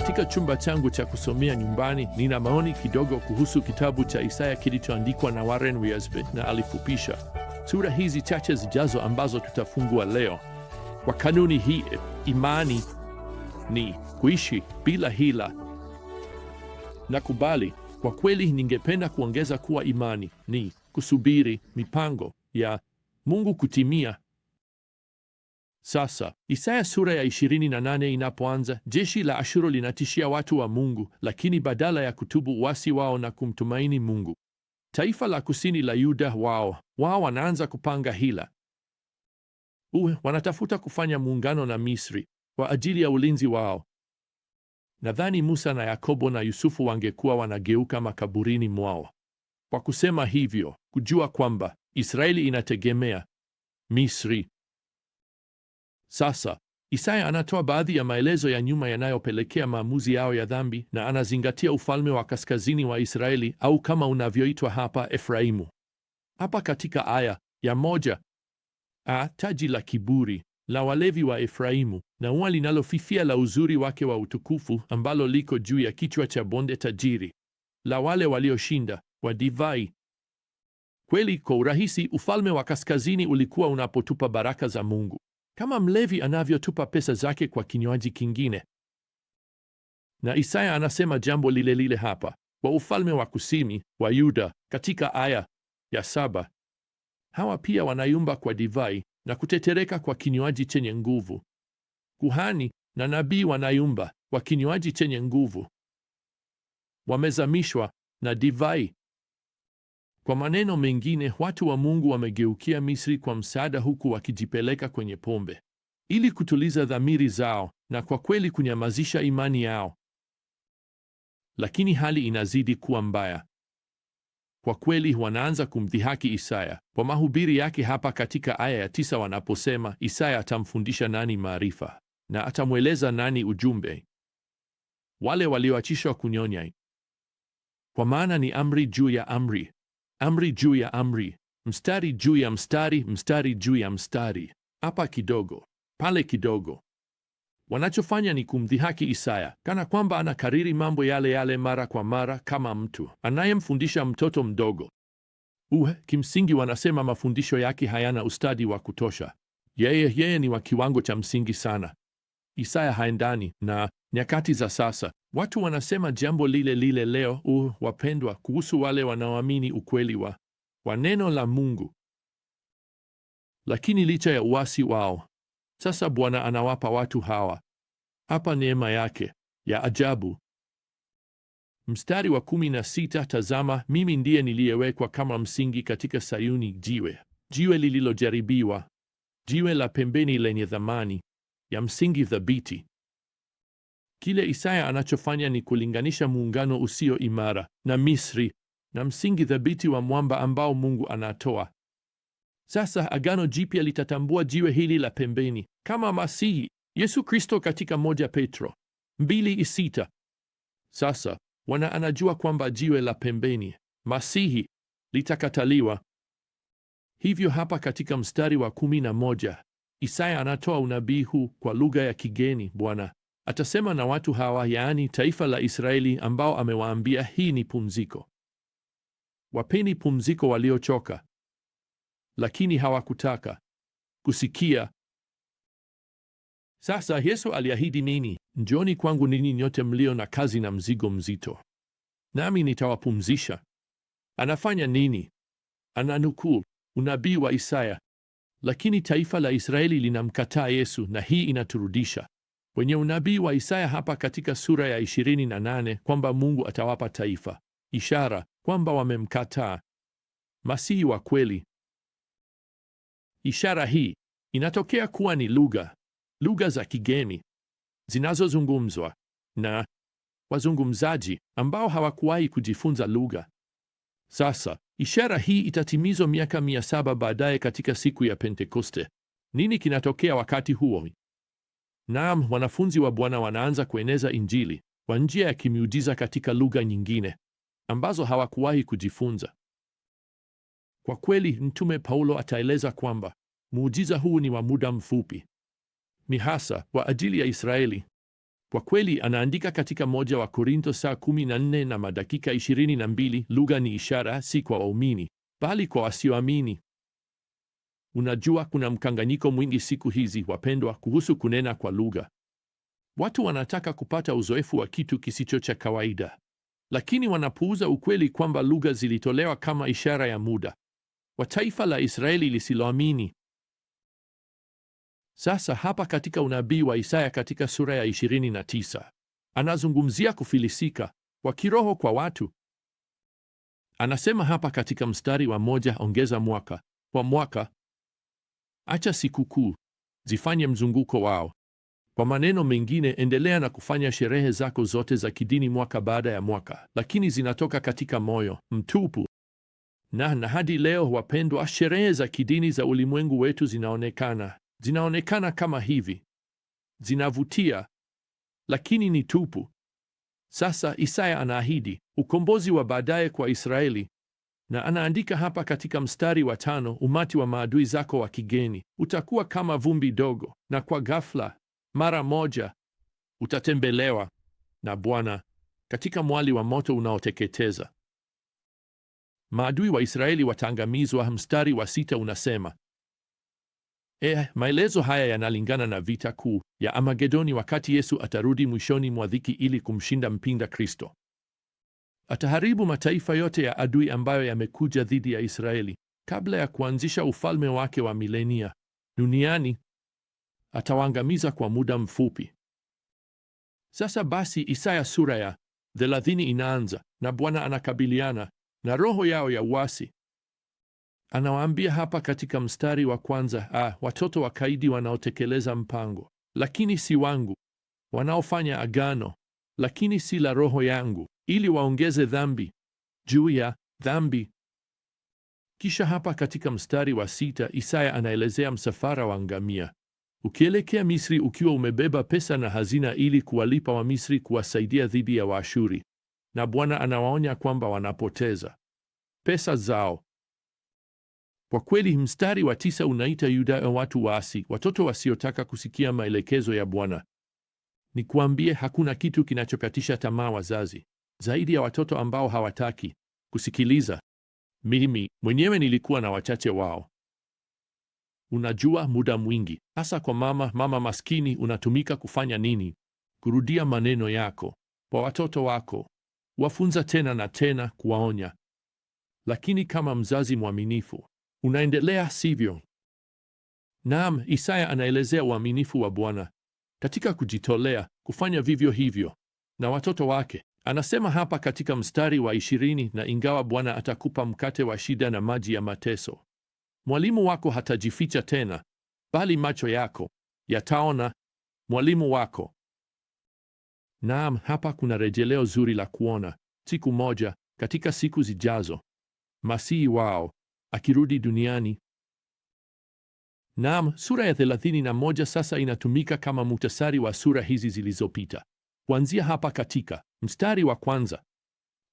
Katika chumba changu cha kusomea nyumbani, nina maoni kidogo kuhusu kitabu cha Isaya kilichoandikwa na Warren Wiersbe na alifupisha sura hizi chache zijazo ambazo tutafungua leo. Kwa kanuni hii, imani ni kuishi bila hila. Nakubali. Kwa kweli, ningependa kuongeza kuwa imani ni kusubiri mipango ya Mungu kutimia. Sasa Isaya sura ya 28 inapoanza, jeshi la Ashuru linatishia watu wa Mungu, lakini badala ya kutubu uasi wao na kumtumaini Mungu, taifa la kusini la Yuda wao wao wanaanza kupanga hila. Uwe wanatafuta kufanya muungano na Misri kwa ajili ya ulinzi wao. Nadhani Musa na Yakobo na Yusufu wangekuwa wanageuka makaburini mwao kwa kusema hivyo, kujua kwamba Israeli inategemea Misri. Sasa Isaya anatoa baadhi ya maelezo ya nyuma yanayopelekea maamuzi yao ya dhambi, na anazingatia ufalme wa kaskazini wa Israeli au kama unavyoitwa hapa Efraimu. Hapa katika aya ya moja a taji la kiburi la walevi wa Efraimu na ua linalofifia la uzuri wake wa utukufu ambalo liko juu ya kichwa cha bonde tajiri la wale walioshinda wa divai. Kweli, kwa urahisi ufalme wa kaskazini ulikuwa unapotupa baraka za Mungu kama mlevi anavyotupa pesa zake kwa kinywaji kingine. Na Isaya anasema jambo lile lile hapa wa ufalme wa kusini wa Yuda katika aya ya saba. Hawa pia wanayumba kwa divai na kutetereka kwa kinywaji chenye nguvu. Kuhani na nabii wanayumba kwa kinywaji chenye nguvu, wamezamishwa na divai. Kwa maneno mengine, watu wa Mungu wamegeukia Misri kwa msaada, huku wakijipeleka kwenye pombe ili kutuliza dhamiri zao na kwa kweli kunyamazisha imani yao. Lakini hali inazidi kuwa mbaya. Kwa kweli wanaanza kumdhihaki Isaya kwa mahubiri yake hapa katika aya ya tisa wanaposema, Isaya atamfundisha nani maarifa na atamweleza nani ujumbe? Wale walioachishwa kunyonya, kwa maana ni amri juu ya amri amri juu ya amri, mstari juu ya mstari, mstari juu ya mstari, hapa kidogo, pale kidogo. Wanachofanya ni kumdhihaki Isaya, kana kwamba anakariri mambo yale yale mara kwa mara, kama mtu anayemfundisha mtoto mdogo. Uhe, kimsingi wanasema mafundisho yake hayana ustadi wa kutosha. Yeye yeye ni wa kiwango cha msingi sana. Isaya haendani na nyakati za sasa watu wanasema jambo lile lile leo, u wapendwa, kuhusu wale wanaoamini ukweli wa wa neno la Mungu. Lakini licha ya uasi wao, sasa Bwana anawapa watu hawa hapa neema yake ya ajabu. Mstari wa kumi na sita, tazama mimi ndiye niliyewekwa kama msingi katika Sayuni, jiwe jiwe lililojaribiwa, jiwe la pembeni lenye thamani ya msingi thabiti. Kile Isaya anachofanya ni kulinganisha muungano usio imara na Misri na msingi thabiti wa mwamba ambao Mungu anatoa. Sasa Agano Jipya litatambua jiwe hili la pembeni kama Masihi Yesu Kristo katika moja Petro mbili isita. Sasa wana anajua kwamba jiwe la pembeni Masihi litakataliwa. Hivyo hapa katika mstari wa kumi na moja Isaya anatoa unabii huu kwa lugha ya kigeni: Bwana atasema na watu hawa, yaani taifa la Israeli, ambao amewaambia hii ni pumziko. Wapeni pumziko waliochoka, lakini hawakutaka kusikia. Sasa Yesu aliahidi nini? Njoni kwangu ninyi nyote mlio na kazi na mzigo mzito, nami nitawapumzisha. Anafanya nini? Ananukuu unabii wa Isaya, lakini taifa la Israeli linamkataa Yesu, na hii inaturudisha kwenye unabii wa Isaya hapa katika sura ya 28 kwamba Mungu atawapa taifa ishara kwamba wamemkataa Masihi wa kweli. Ishara hii inatokea kuwa ni lugha lugha za kigeni zinazozungumzwa na wazungumzaji ambao hawakuwahi kujifunza lugha. Sasa ishara hii itatimizwa miaka mia saba baadaye katika siku ya Pentekoste. Nini kinatokea wakati huo? Naam, wanafunzi wa Bwana wanaanza kueneza Injili kwa njia ya kimiujiza katika lugha nyingine ambazo hawakuwahi kujifunza. Kwa kweli, Mtume Paulo ataeleza kwamba muujiza huu ni wa muda mfupi, ni hasa kwa ajili ya Israeli. Kwa kweli, anaandika katika moja wa Korintho saa 14 na madakika 22, lugha ni ishara si kwa waumini, bali kwa wasioamini. Unajua, kuna mkanganyiko mwingi siku hizi, wapendwa, kuhusu kunena kwa lugha. Watu wanataka kupata uzoefu wa kitu kisicho cha kawaida, lakini wanapuuza ukweli kwamba lugha zilitolewa kama ishara ya muda wa taifa la Israeli lisiloamini. Sasa hapa katika unabii wa Isaya katika sura ya 29 anazungumzia kufilisika wa kiroho kwa watu. Anasema hapa katika mstari wa moja, ongeza mwaka kwa mwaka Acha sikukuu zifanye mzunguko wao. Kwa maneno mengine, endelea na kufanya sherehe zako zote za kidini mwaka baada ya mwaka, lakini zinatoka katika moyo mtupu. Na na hadi leo, wapendwa, sherehe za kidini za ulimwengu wetu zinaonekana zinaonekana kama hivi, zinavutia lakini ni tupu. Sasa Isaya anaahidi ukombozi wa baadaye kwa Israeli na anaandika hapa katika mstari wa tano, umati wa maadui zako wa kigeni utakuwa kama vumbi dogo, na kwa ghafla mara moja utatembelewa na Bwana katika mwali wa moto unaoteketeza. Maadui wa Israeli wataangamizwa. Mstari wa sita unasema eh, maelezo haya yanalingana na vita kuu ya Amagedoni, wakati Yesu atarudi mwishoni mwa dhiki ili kumshinda mpinga Kristo ataharibu mataifa yote ya adui ambayo yamekuja dhidi ya Israeli kabla ya kuanzisha ufalme wake wa milenia duniani. Atawaangamiza kwa muda mfupi. Sasa basi, Isaya sura ya thelathini inaanza na Bwana anakabiliana na roho yao ya uasi. Anawaambia hapa katika mstari wa kwanza, ah, watoto wakaidi wanaotekeleza mpango lakini si wangu, wanaofanya agano lakini si la roho yangu, ili waongeze dhambi juu ya dhambi. Kisha hapa katika mstari wa sita Isaya anaelezea msafara wa ngamia ukielekea Misri ukiwa umebeba pesa na hazina ili kuwalipa Wamisri kuwasaidia dhidi ya Waashuri, na Bwana anawaonya kwamba wanapoteza pesa zao. Kwa kweli, mstari wa tisa unaita Yuda watu waasi, watoto wasiotaka kusikia maelekezo ya Bwana. Nikuambie, hakuna kitu kinachokatisha tamaa wazazi zaidi ya watoto ambao hawataki kusikiliza. Mimi mwenyewe nilikuwa na wachache wao. Unajua, muda mwingi hasa kwa mama mama maskini unatumika kufanya nini? Kurudia maneno yako kwa watoto wako, wafunza tena na tena, kuwaonya. Lakini kama mzazi mwaminifu unaendelea, sivyo? Naam, Isaya anaelezea uaminifu wa Bwana katika kujitolea kufanya vivyo hivyo na watoto wake Anasema hapa katika mstari wa ishirini, na ingawa Bwana atakupa mkate wa shida na maji ya mateso, mwalimu wako hatajificha tena, bali macho yako yataona mwalimu wako. Naam, hapa kuna rejeleo zuri la kuona siku moja katika siku zijazo masihi wao akirudi duniani. Naam, sura ya 31 sasa inatumika kama muhtasari wa sura hizi zilizopita. Kuanzia hapa katika mstari wa kwanza,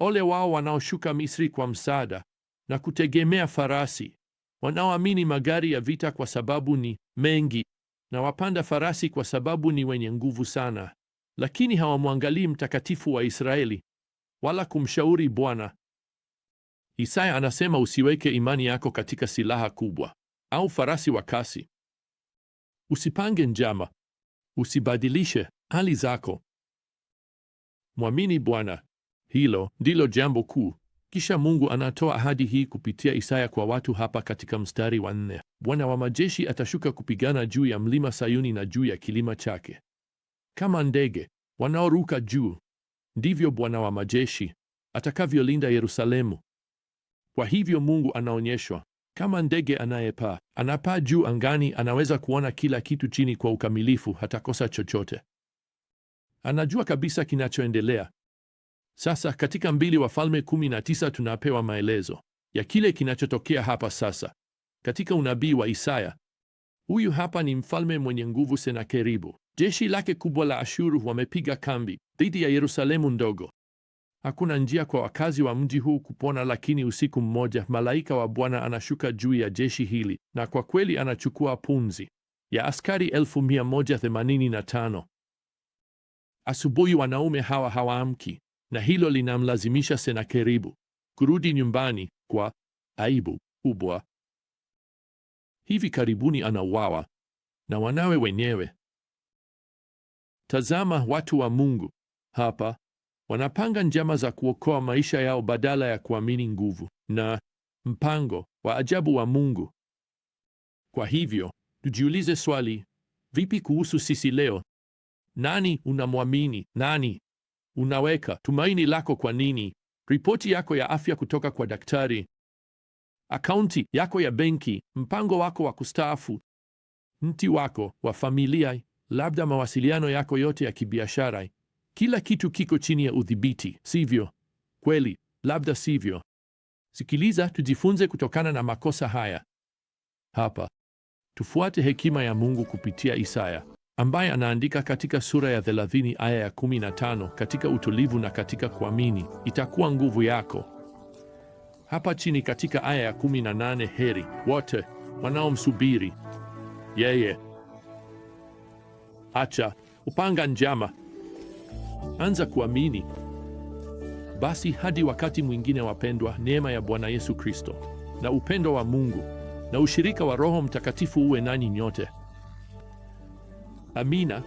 ole wao wanaoshuka Misri kwa msaada na kutegemea farasi, wanaoamini magari ya vita kwa sababu ni mengi na wapanda farasi kwa sababu ni wenye nguvu sana, lakini hawamwangalii mtakatifu wa Israeli wala kumshauri Bwana. Isaya anasema usiweke imani yako katika silaha kubwa au farasi wa kasi. Usipange njama, usibadilishe hali zako Mwamini Bwana, hilo ndilo jambo kuu. Kisha Mungu anatoa ahadi hii kupitia Isaya kwa watu hapa katika mstari wa nne: Bwana wa majeshi atashuka kupigana juu ya mlima Sayuni na juu ya kilima chake. Kama ndege wanaoruka juu, ndivyo Bwana wa majeshi atakavyolinda Yerusalemu. Kwa hivyo Mungu anaonyeshwa kama ndege anayepaa. Anapaa juu angani, anaweza kuona kila kitu chini kwa ukamilifu, hatakosa chochote anajua kabisa kinachoendelea. Sasa katika mbili Wafalme 19 tunapewa maelezo ya kile kinachotokea hapa sasa katika unabii wa Isaya. Huyu hapa ni mfalme mwenye nguvu Senakeribu. Jeshi lake kubwa la Ashuru wamepiga kambi dhidi ya Yerusalemu ndogo. Hakuna njia kwa wakazi wa mji huu kupona, lakini usiku mmoja malaika wa Bwana anashuka juu ya jeshi hili, na kwa kweli anachukua punzi ya askari 1185. Asubuhi wanaume hawa hawaamki, na hilo linamlazimisha Senakeribu kurudi nyumbani kwa aibu kubwa. Hivi karibuni anauawa na wanawe wenyewe. Tazama, watu wa Mungu hapa wanapanga njama za kuokoa maisha yao badala ya kuamini nguvu na mpango wa ajabu wa Mungu. Kwa hivyo tujiulize swali, vipi kuhusu sisi leo? Nani unamwamini? Nani unaweka tumaini lako kwa nini? Ripoti yako ya afya kutoka kwa daktari, akaunti yako ya benki, mpango wako wa kustaafu, mti wako wa familia, labda mawasiliano yako yote ya kibiashara. Kila kitu kiko chini ya udhibiti, sivyo kweli? Labda sivyo. Sikiliza, tujifunze kutokana na makosa haya hapa. Tufuate hekima ya Mungu kupitia Isaya ambaye anaandika katika sura ya 30 aya ya 15, katika utulivu na katika kuamini itakuwa nguvu yako. Hapa chini katika aya ya 18, heri wote wanaomsubiri yeye. Acha upanga njama, anza kuamini. Basi hadi wakati mwingine, wapendwa, neema ya Bwana Yesu Kristo na upendo wa Mungu na ushirika wa Roho Mtakatifu uwe nanyi nyote. Amina